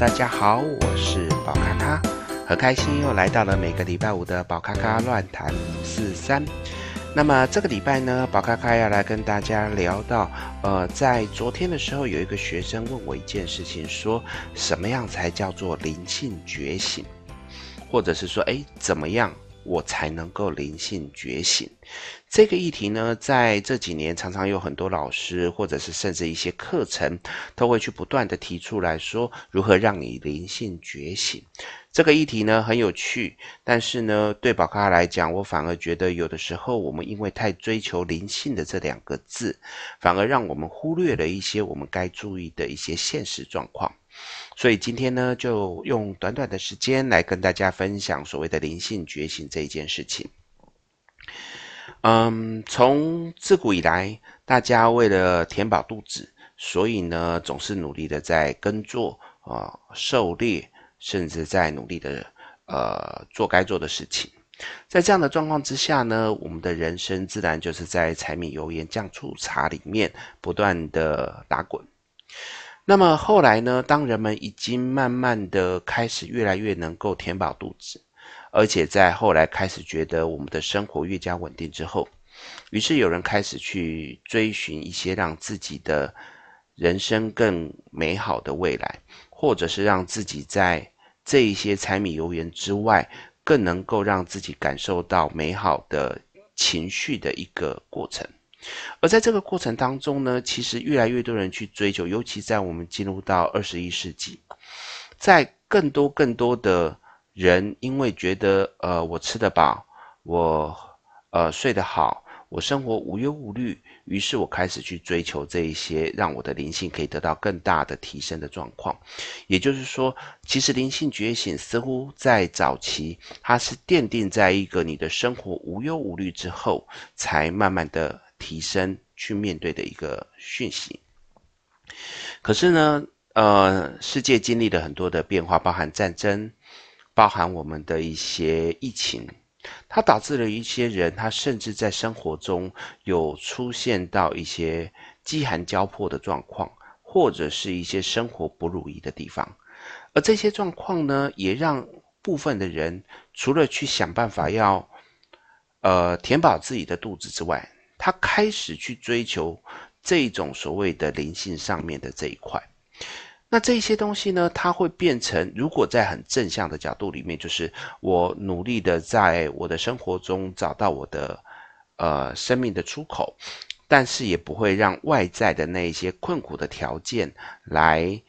大家好，我是寶咖咖，很開心又來到了每個禮拜五的寶咖咖亂談五四三。那麼這個禮拜呢，寶咖咖要來跟大家聊到，呃，在昨天的時候，有一個學生問我一件事情說，說什麼樣才叫做靈性覺醒，或者是說，哎，怎麼樣我才能夠靈性覺醒？這個議題呢，在這幾年常常有很多老師，或者是甚至一些課程，都會去不斷地提出來說，如何讓你靈性覺醒。這個議題呢，很有趣，但是呢，對寶咖來講，我反而覺得有的時候我們因為太追求靈性的這兩個字，反而讓我們忽略了一些我們該注意的一些現實狀況。所以今天呢，就用短短的時間來跟大家分享所謂的靈性覺醒這一件事情。嗯，從自古以來，大家為了填飽肚子，所以呢，總是努力的在耕作啊、呃、狩獵，甚至在努力的呃做該做的事情。在這樣的狀況之下呢，我們的人生自然就是在柴米油鹽醬醋茶裡面不斷的打滾。那麼後來呢，當人們已經慢慢的開始越來越能夠填飽肚子。而且在後來開始覺得我們的生活越加穩定之後，於是有人開始去追尋一些讓自己的人生更美好的未來，或者是讓自己在這一些柴米油鹽之外，更能夠讓自己感受到美好的情緒的一個過程。而在這個過程當中呢，其實越來越多人去追求，尤其在我們進入到21世紀，在更多更多的。人因為覺得呃，我吃得飽，我呃睡得好，我生活無憂無慮，於是我開始去追求這一些讓我的靈性可以得到更大的提升的狀況。也就是說，其實靈性覺醒似乎在早期，它是奠定在一個你的生活無憂無慮之後，才慢慢的提升去面對的一個訊息。可是呢，呃，世界經歷了很多的變化，包含戰爭。包含我們的一些疫情，它導致了一些人，他甚至在生活中有出現到一些飢寒交迫的狀況，或者是一些生活不如意的地方，而這些狀況呢，也讓部分的人除了去想辦法要，呃，填飽自己的肚子之外，他開始去追求這種所謂的靈性上面的這一塊。那這些東西呢，它會變成，如果在很正向的角度裡面，就是我努力的在我的生活中找到我的，呃，生命的出口，但是也不會讓外在的那一些困苦的條件來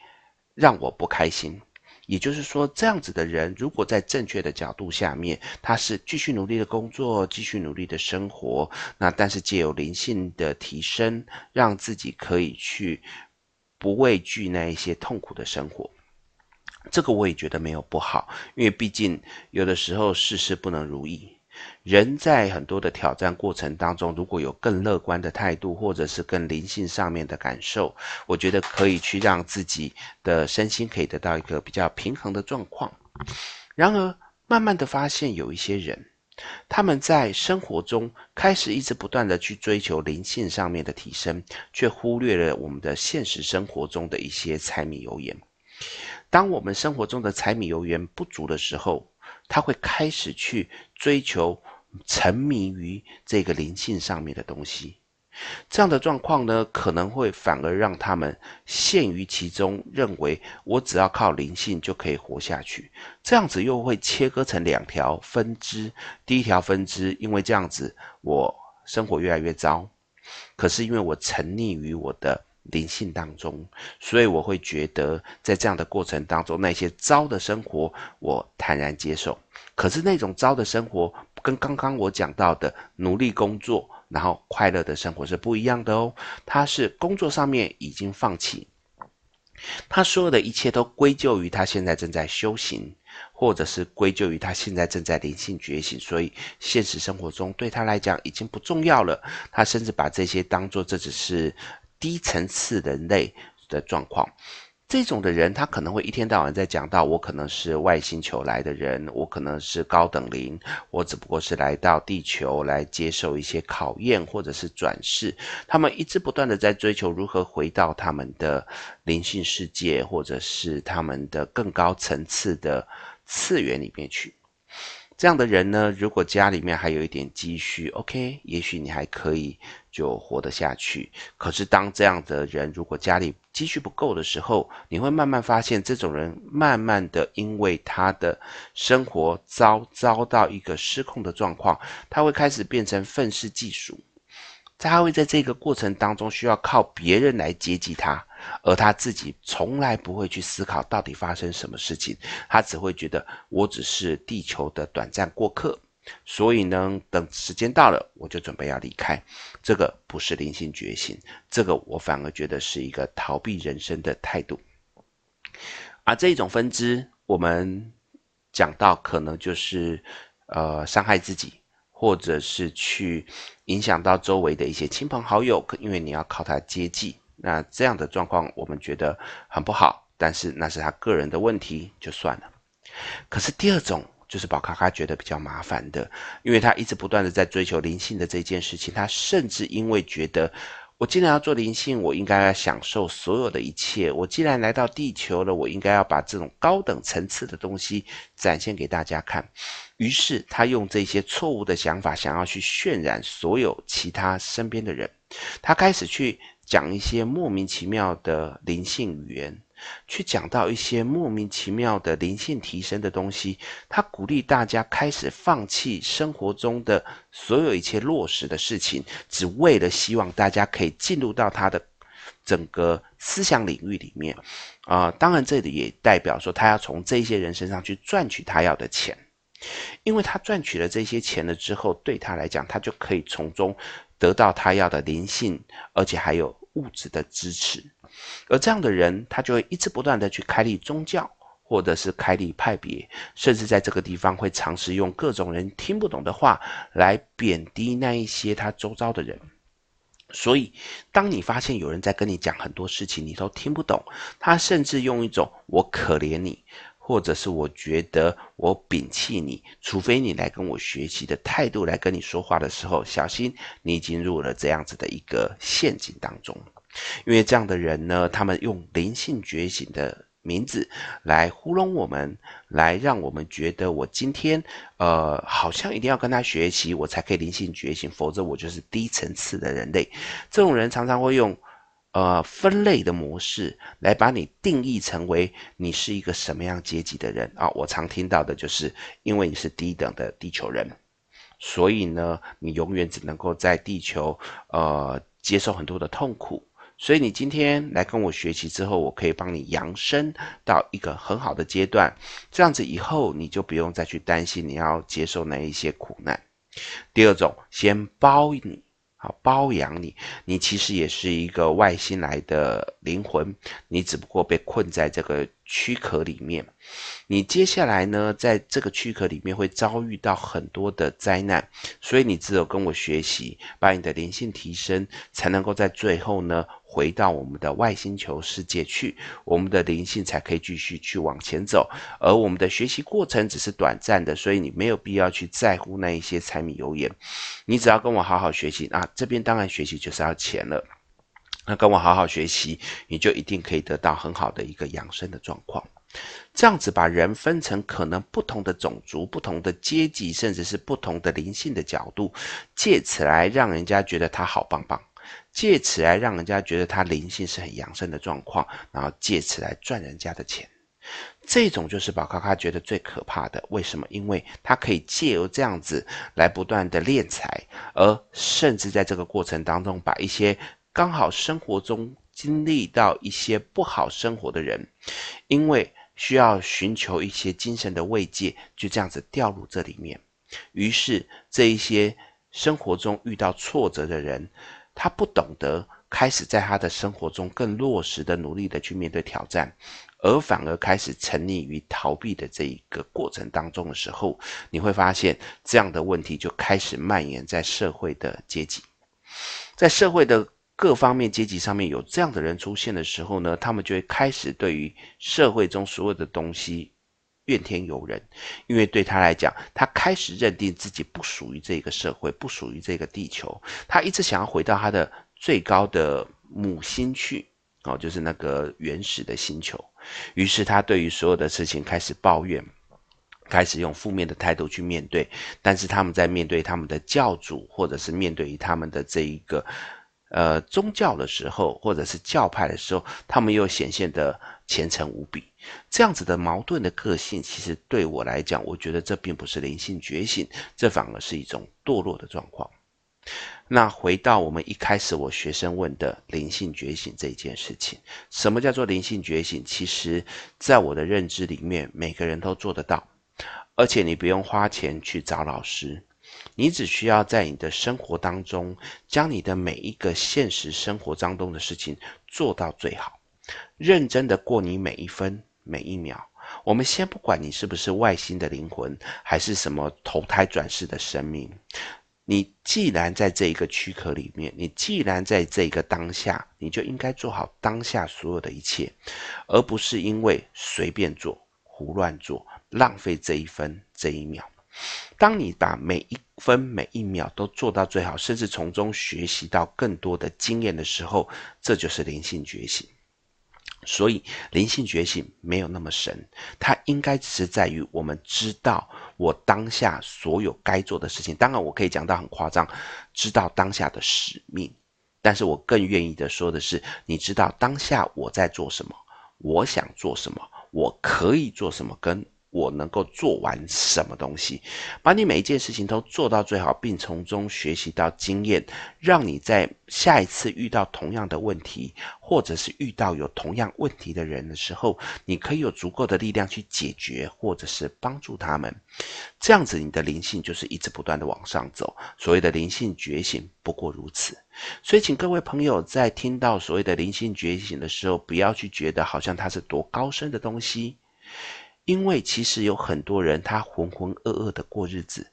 讓我不開心。也就是說，這樣子的人，如果在正確的角度下面，他是繼續努力的工作，繼續努力的生活，那但是借由靈性的提升，讓自己可以去，不畏懼那一些痛苦的生活，這個我也覺得沒有不好，因為畢竟有的時候事事不能如意，人在很多的挑戰過程當中，如果有更樂觀的態度，或者是更靈性上面的感受，我覺得可以去讓自己的身心可以得到一個比較平衡的狀況。然而，慢慢的發現有一些人。他們在生活中開始一直不斷的去追求靈性上面的提升，却忽略了我們的現實生活中的一些柴米油鹽。當我們生活中的柴米油鹽不足的時候，他會開始去追求沉迷於這個靈性上面的東西。這樣的狀況呢，可能會反而讓他們陷於其中，認為我只要靠靈性就可以活下去。這樣子又會切割成兩條分支。第一條分支，因為這樣子我生活越來越糟，可是因為我沉溺於我的靈性當中，所以我會覺得在這樣的過程當中，那些糟的生活我坦然接受。可是那種糟的生活，跟剛剛我講到的努力工作，然後快樂的生活是不一樣的哦，他是工作上面已經放棄，他所有的一切都歸咎於他現在正在修行，或者是歸咎於他現在正在靈性覺醒，所以現實生活中對他來講已經不重要了，他甚至把這些當做這只是低層次人類的狀況。這種的人，他可能會一天到晚在講到我可能是外星球來的人，我可能是高等靈，我只不過是來到地球來接受一些考驗或者是轉世。他們一直不斷地在追求如何回到他們的靈性世界，或者是他們的更高層次的次元裡面去。這樣的人呢，如果家裡面還有一點積蓄，OK，也許你還可以就活得下去。可是，當這樣的人如果家裡積蓄不夠的時候，你會慢慢發現，這種人慢慢的因為他的生活遭遭到一個失控的狀況，他會開始變成憤世嫉俗，他會在這個過程當中需要靠別人來接濟他。而他自己從來不會去思考到底發生什麼事情，他只會覺得我只是地球的短暫過客，所以呢，等時間到了，我就準備要離開。這個不是靈性覺醒，這個我反而覺得是一個逃避人生的態度。而、啊、這一種分支，我們講到可能就是呃傷害自己，或者是去影響到周圍的一些親朋好友，因為你要靠他接濟。那這樣的狀況，我們覺得很不好，但是那是他個人的問題，就算了。可是第二種就是寶咖咖覺得比較麻煩的，因為他一直不斷的在追求靈性的這件事情，他甚至因為覺得，我既然要做靈性，我應該要享受所有的一切，我既然來到地球了，我應該要把這種高等層次的東西展現給大家看。於是他用這些錯誤的想法，想要去渲染所有其他身邊的人，他開始去。講一些莫名其妙的靈性語言，去講到一些莫名其妙的靈性提升的東西。他鼓勵大家開始放棄生活中的所有一切落實的事情，只為了希望大家可以進入到他的整個思想領域裡面。啊、呃，當然這裡也代表說，他要從這些人身上去賺取他要的錢，因為他賺取了這些錢了之後，對他來講，他就可以從中得到他要的靈性，而且還有。物質的支持，而這樣的人，他就會一直不斷的去開立宗教，或者是開立派別，甚至在這個地方會嘗試用各種人聽不懂的話來貶低那一些他周遭的人。所以，當你發現有人在跟你講很多事情，你都聽不懂，他甚至用一種“我可憐你”。或者是我覺得我摒棄你，除非你來跟我學習的態度來跟你說話的時候，小心你已經入了這樣子的一個陷阱當中。因為這樣的人呢，他們用靈性覺醒的名字來糊弄我們，來讓我們覺得我今天呃好像一定要跟他學習，我才可以靈性覺醒，否則我就是低層次的人類。這種人常常會用。呃，分類的模式來把你定義成為你是一個什麼樣階級的人啊。我常聽到的就是，因為你是低等的地球人，所以呢，你永遠只能夠在地球呃接受很多的痛苦。所以你今天來跟我學習之後，我可以幫你揚升到一個很好的階段，這樣子以後你就不用再去擔心你要接受哪一些苦難。第二種，先包你。好，包養你，你其實也是一個外星來的靈魂，你只不過被困在這個軀殼裡面。你接下來呢，在這個軀殼裡面會遭遇到很多的災難，所以你只有跟我學習，把你的靈性提升，才能夠在最後呢。回到我們的外星球世界去，我們的靈性才可以繼續去往前走，而我們的學習過程只是短暫的，所以你沒有必要去在乎那一些柴米油鹽，你只要跟我好好學習啊，這邊當然學習就是要錢了，那跟我好好學習，你就一定可以得到很好的一個養生的狀況。這樣子把人分成可能不同的種族、不同的階級，甚至是不同的靈性的角度，借此來讓人家覺得他好棒棒。借此來讓人家覺得他靈性是很揚升的狀況，然後借此來賺人家的錢，這種就是寶咖咖覺得最可怕的。為什麼？因為他可以借由這樣子來不斷的斂財，而甚至在這個過程當中，把一些剛好生活中經歷到一些不好生活的人，因為需要尋求一些精神的慰藉，就這樣子掉入這裡面。於是這一些生活中遇到挫折的人。他不懂得開始在他的生活中更落實的努力的去面對挑戰，而反而開始沉溺於逃避的這一個過程當中的時候，你會發現這樣的問題就開始蔓延在社會的階級。在社會的各方面階級上面有這樣的人出現的時候呢，他們就會開始對於社會中所有的東西。怨天尤人，因為對他來講，他開始認定自己不屬於這個社會，不屬於這個地球。他一直想要回到他的最高的母星去，哦，就是那個原始的星球。於是他對於所有的事情開始抱怨，開始用負面的態度去面對。但是他們在面對他們的教主，或者是面對於他們的這一個，呃，宗教的時候，或者是教派的時候，他們又顯現的。虔誠無比，這樣子的矛盾的個性，其實對我來講，我覺得這並不是靈性覺醒，這反而是一種墮落的狀況。那回到我們一開始我學生問的靈性覺醒這一件事情，什麼叫做靈性覺醒？其實在我的認知裡面，每個人都做得到，而且你不用花錢去找老師，你只需要在你的生活當中，將你的每一個現實生活當中的事情做到最好。認真的過你每一分每一秒。我們先不管你是不是外星的靈魂，還是什麼投胎轉世的生命，你既然在這一個軀殼裡面，你既然在這一個當下，你就應該做好當下所有的一切，而不是因為隨便做、胡亂做、浪費這一分這一秒。當你把每一分每一秒都做到最好，甚至從中學習到更多的經驗的時候，這就是靈性覺醒。所以靈性覺醒沒有那麼神，它應該只是在於我們知道我當下所有該做的事情。當然，我可以講到很誇張，知道當下的使命。但是我更願意的說的是，你知道當下我在做什麼，我想做什麼，我可以做什麼跟。我能夠做完什麼東西，把你每一件事情都做到最好，並從中學習到經驗，讓你在下一次遇到同樣的問題，或者是遇到有同樣問題的人的時候，你可以有足夠的力量去解決，或者是幫助他們。這樣子，你的靈性就是一直不斷的往上走。所謂的靈性覺醒，不過如此。所以，請各位朋友在聽到所謂的靈性覺醒的時候，不要去覺得好像它是多高深的東西。因為其實有很多人他渾渾噩噩的過日子，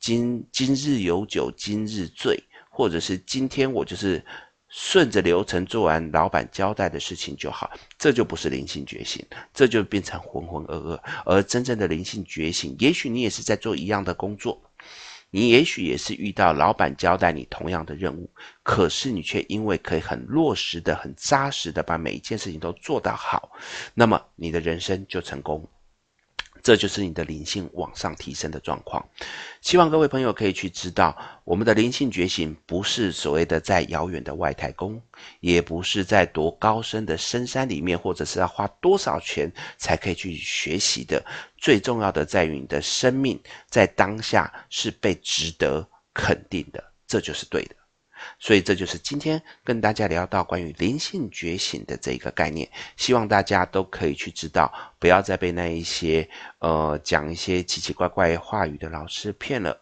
今日今日有酒今日醉，或者是今天我就是順着流程做完老闆交代的事情就好，這就不是靈性覺醒，這就變成渾渾噩噩。而真正的靈性覺醒，也許你也是在做一樣的工作，你也許也是遇到老闆交代你同樣的任務，可是你卻因為可以很落實的、很扎實的把每一件事情都做到好，那麼你的人生就成功。這就是你的靈性往上提升的狀況，希望各位朋友可以去知道，我們的靈性覺醒不是所謂的在遙遠的外太空，也不是在多高深的深山裡面，或者是要花多少錢才可以去學習的。最重要的在於你的生命在當下是被值得肯定的，這就是對的。所以這就是今天跟大家聊到關於靈性覺醒的這一個概念，希望大家都可以去知道，不要再被那一些，呃，講一些奇奇怪怪話語的老師騙了。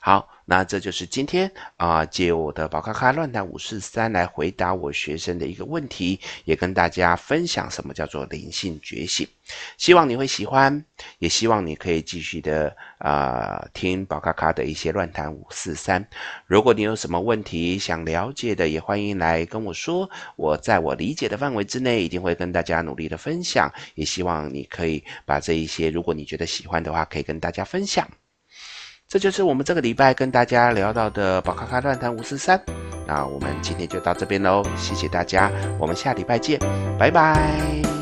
好。那這就是今天啊、呃，借我的寶咖咖亂談五四三來回答我學生的一個問題，也跟大家分享什麼叫做靈性覺醒。希望你會喜歡，也希望你可以繼續的啊、呃、聽寶咖咖的一些亂談五四三。如果你有什麼問題想了解的，也歡迎來跟我說。我在我理解的範圍之內，一定會跟大家努力的分享。也希望你可以把這一些，如果你覺得喜歡的話，可以跟大家分享。這就是我們這個禮拜跟大家聊到的寶咖咖亂談五四三，那我們今天就到這邊嘍，謝謝大家，我們下禮拜見，拜拜。